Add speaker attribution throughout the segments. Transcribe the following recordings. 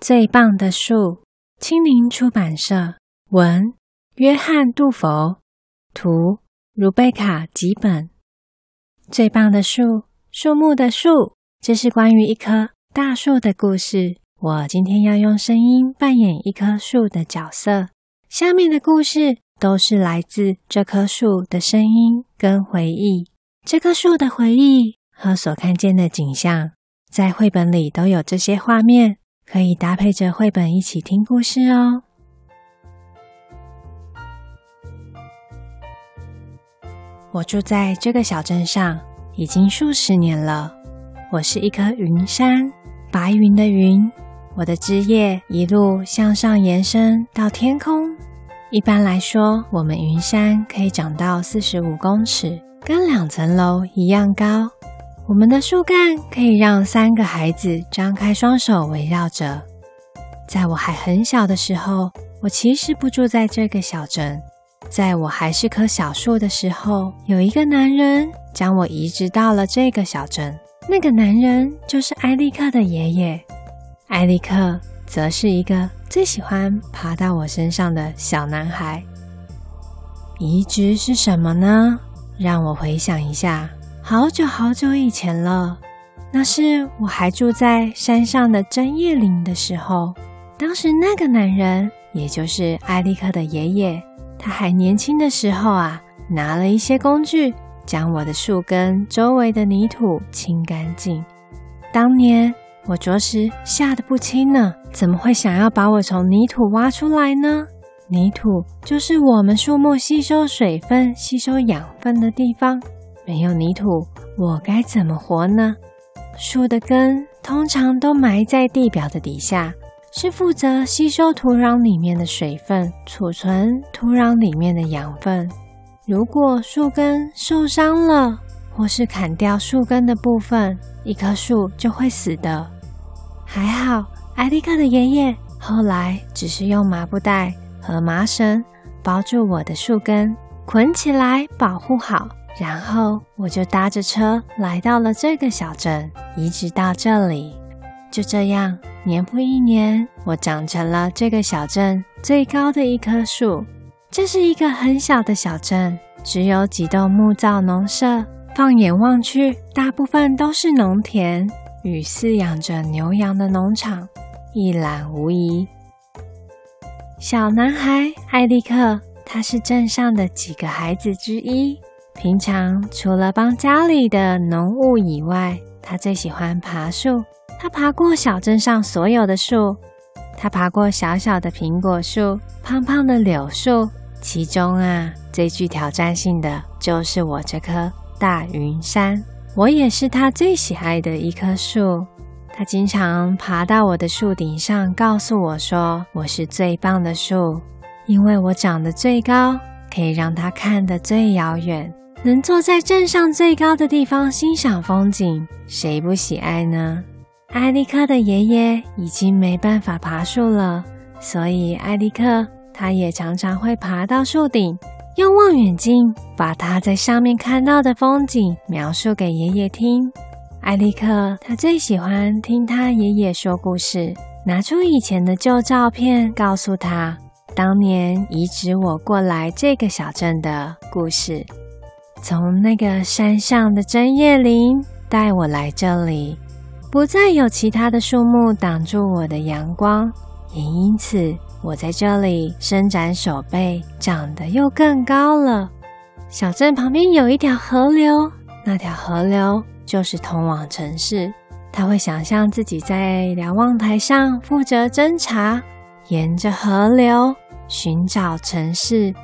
Speaker 1: 最棒的樹，青林出版社，文約翰杜佛，圖茹貝卡吉本。最棒的樹，樹木的樹，這是關於一棵大樹的故事。我今天要用聲音扮演一棵樹的角色。下面的故事都是來自這棵樹的聲音跟回憶，這棵樹的回憶和所看見的景象，在繪本裡都有這些畫面。可以搭配着繪本一起聽故事哦。我住在這個小鎮上已經數十年了。我是一棵雲杉，白雲的雲。我的枝葉一路向上延伸到天空。一般來說，我們雲杉可以長到四十五公尺，跟兩層樓一樣高。我們的樹幹可以讓三個孩子張開雙手圍繞着。在我還很小的時候，我其實不住在這個小鎮。在我還是棵小樹的時候，有一個男人將我移植到了這個小鎮。那個男人就是艾利克的爺爺。艾利克則是一個最喜歡爬到我身上的小男孩。移植是什麼呢？讓我回想一下。好久好久以前了，那是我還住在山上的針葉林的時候。當時那個男人，也就是艾利克的爺爺，他還年輕的時候啊，拿了一些工具，將我的樹根周圍的泥土清乾淨。當年我着實嚇得不輕呢，怎麼會想要把我從泥土挖出來呢？泥土就是我們樹木吸收水分、吸收養分的地方。沒有泥土，我該怎麼活呢？樹的根通常都埋在地表的底下，是負責吸收土壤裡面的水分，儲存土壤裡面的養分。如果樹根受傷了，或是砍掉樹根的部分，一棵樹就會死的。還好，艾迪克的爺爺後來只是用麻布袋和麻繩包住我的樹根，捆起來保護好。然後我就搭着車來到了這個小鎮，移植到這裡。就這樣，年復一年，我長成了這個小鎮最高的一棵樹。這是一個很小的小鎮，只有幾棟木造農舍。放眼望去，大部分都是農田與飼養着牛羊的農場，一覽無遺。小男孩艾利克，他是鎮上的幾個孩子之一。平常除了幫家裡的農務以外，他最喜歡爬樹。他爬過小鎮上所有的樹，他爬過小小的蘋果樹、胖胖的柳樹。其中啊，最具挑戰性的就是我這棵大雲杉。我也是他最喜愛的一棵樹。他經常爬到我的樹頂上，告訴我說：“我是最棒的樹，因為我長得最高。”可以讓他看得最遙遠，能坐在鎮上最高的地方欣賞風景，誰不喜愛呢？艾利克的爺爺已經沒辦法爬樹了，所以艾利克他也常常會爬到樹頂，用望遠鏡把他在上面看到的風景描述給爺爺聽。艾利克他最喜歡聽他爺爺說故事，拿出以前的舊照片告訴他，當年移植我過來這個小鎮的故事，從那個山上的針葉林帶我來這裡，不再有其他的樹木擋住我的陽光，也因此我在這裡伸展手背，長得又更高了。小鎮旁邊有一條河流，那條河流就是通往城市。他會想象自己在瞭望臺上負責偵查，沿着河流，尋找城市。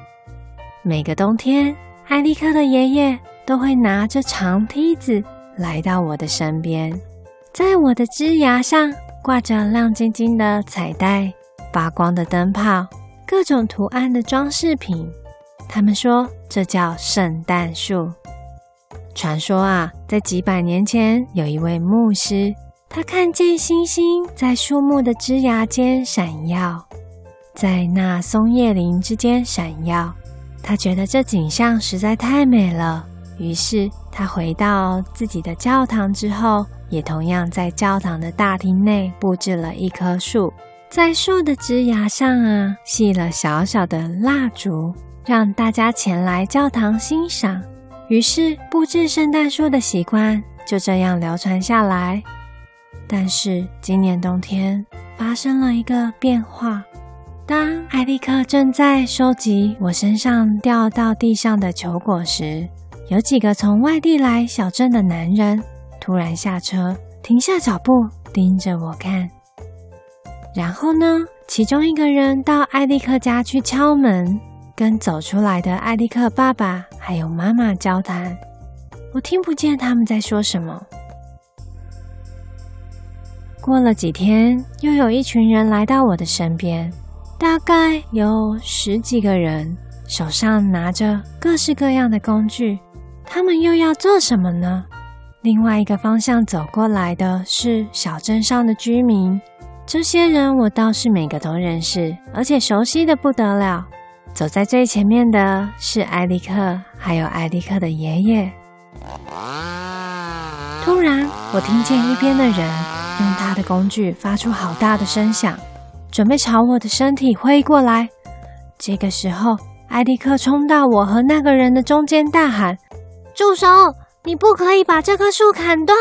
Speaker 1: 每個冬天，艾利克的爺爺都會拿着長梯子來到我的身邊，在我的枝芽上掛着亮晶晶的彩帶、發光的燈泡、各種圖案的裝飾品。他們說，這叫聖誕樹。傳說啊，在幾百年前，有一位牧師，他看見星星在樹木的枝芽間閃耀。在那松葉林之間閃耀，他覺得這景象實在太美了。於是他回到自己的教堂之後，也同樣在教堂的大廳內佈置了一棵樹，在樹的枝椏上啊，繫了小小的蠟燭，讓大家前來教堂欣賞。於是佈置聖誕樹的習慣就這樣流傳下來。但是今年冬天發生了一個變化。當艾利克正在收集我身上掉到地上的球果時，有幾個從外地來小鎮的男人突然下車，停下腳步，盯着我看。然後呢，其中一個人，到艾利克家去敲門，跟走出來的艾利克爸爸還有媽媽交談。我聽不見他們在說什麼。過了幾天，又有一群人來到我的身邊。大概有十幾個人，手上拿着各式各樣的工具，他們又要做什麼呢？另外一個方向走過來的是小鎮上的居民，這些人我倒是每個都認識，而且熟悉的不得了。走在最前面的是艾利克，還有艾利克的爺爺啊。突然，我聽見一邊的人用他的工具發出好大的聲響。準備朝我的身體揮過來。這個時候，艾迪克衝到我和那個人的中間，大喊：“住手！你不可以把這棵樹砍斷。”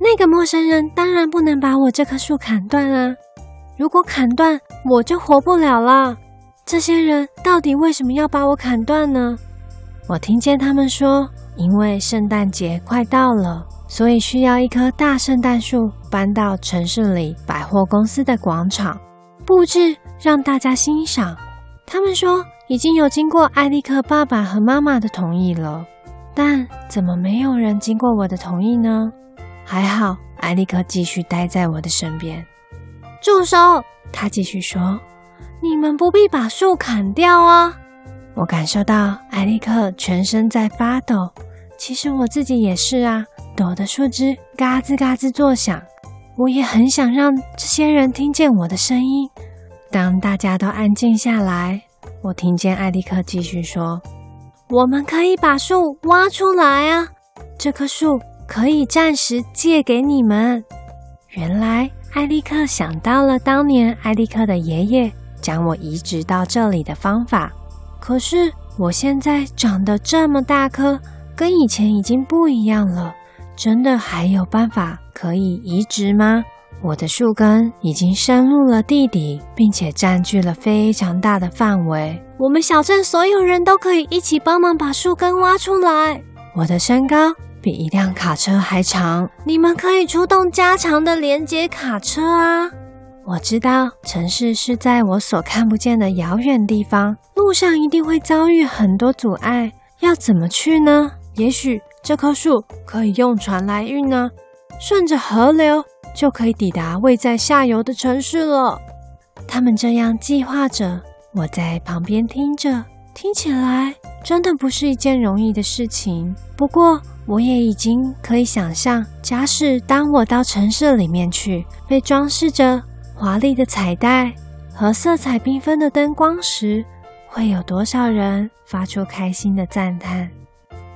Speaker 1: 那個陌生人當然不能把我這棵樹砍斷啊！如果砍斷，我就活不了了。這些人到底為什麼要把我砍斷呢？我聽見他們說：“因為聖誕節快到了。”所以需要一棵大聖誕樹搬到城市裡百貨公司的廣場布置，讓大家欣賞。他們說已經有經過艾利克爸爸和媽媽的同意了，但怎麼沒有人經過我的同意呢？還好艾利克繼續待在我的身邊。住手！他繼續說：“你們不必把樹砍掉哦。”我感受到艾利克全身在發抖，其實我自己也是啊。朵的樹枝嘎吱嘎吱作響，我也很想讓這些人聽見我的聲音。當大家都安靜下來，我聽見艾利克繼續說：“我們可以把樹挖出來啊，這棵樹可以暫時借給你們。”原來艾利克想到了當年艾利克的爺爺將我移植到這裡的方法。可是我現在長得這麼大棵，跟以前已經不一樣了。真的還有辦法可以移植嗎？我的樹根已經深入了地底，並且占據了非常大的範圍。我們小鎮所有人都可以一起幫忙把樹根挖出來。我的身高比一輛卡車還長，你們可以出動加長的連接卡車啊！我知道城市是在我所看不見的遙遠地方，路上一定會遭遇很多阻礙，要怎麼去呢？也許。這棵樹可以用船來運呢啊，順着河流就可以抵達位在下游的城市了。他們這樣計劃着，我在旁邊聽着，聽起來真的不是一件容易的事情。不過，我也已經可以想象，假使當我到城市裡面去，被裝飾着華麗的彩帶和色彩繽紛的燈光時，會有多少人發出開心的讚嘆。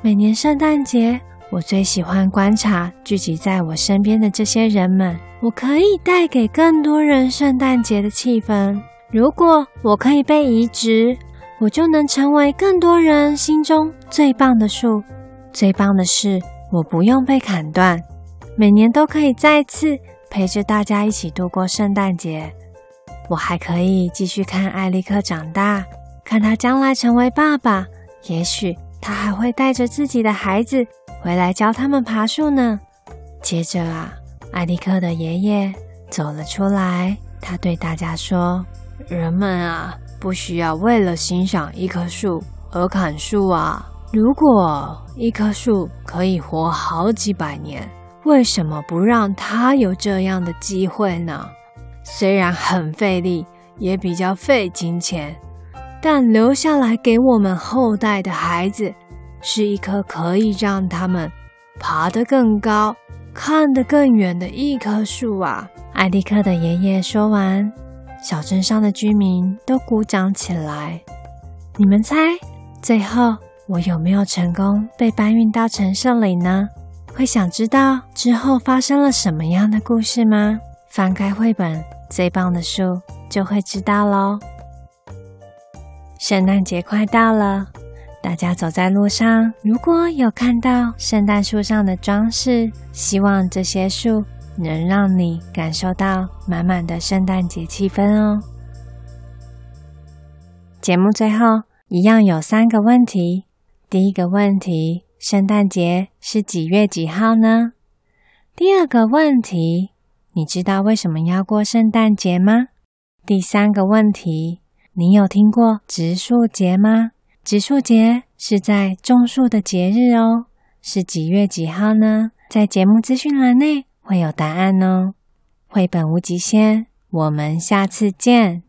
Speaker 1: 每年聖誕節，我最喜歡觀察聚集在我身邊的這些人們。我可以帶給更多人聖誕節的氣氛。如果我可以被移植，我就能成為更多人心中最棒的樹。最棒的是，我不用被砍斷，每年都可以再次陪着大家一起度過聖誕節。我還可以繼續看艾利克長大，看他將來成為爸爸，也許。他還會帶着自己的孩子回來教他們爬樹呢。接着啊，艾利克的爺爺走了出來，他對大家說：“人們啊，不需要為了欣賞一棵樹而砍樹啊。如果一棵樹可以活好幾百年，為什麼不讓他有這樣的機會呢？雖然很費力，也比較費金錢。”但留下來給我們後代的孩子，是一棵可以讓他們爬得更高、看得更遠的一棵樹啊！艾利克的爺爺說完，小鎮上的居民都鼓掌起來。你們猜，最後我有沒有成功被搬運到城市裡呢？會想知道之後發生了什麼樣的故事嗎？翻開繪本《最棒的樹》，就會知道嘍。聖誕節快到了，大家走在路上，如果有看到聖誕樹上的裝飾，希望這些樹能讓你感受到滿滿的聖誕節氣氛哦。節目最後一樣有三個問題，第一個問題，聖誕節是幾月幾號呢？第二個問題，你知道為什麼要過聖誕節嗎？第三個問題，你有聽過植樹節嗎？植樹節是在種樹的節日哦，是幾月幾號呢？在節目資訊欄內會有答案哦。繪本無極限，我們下次見。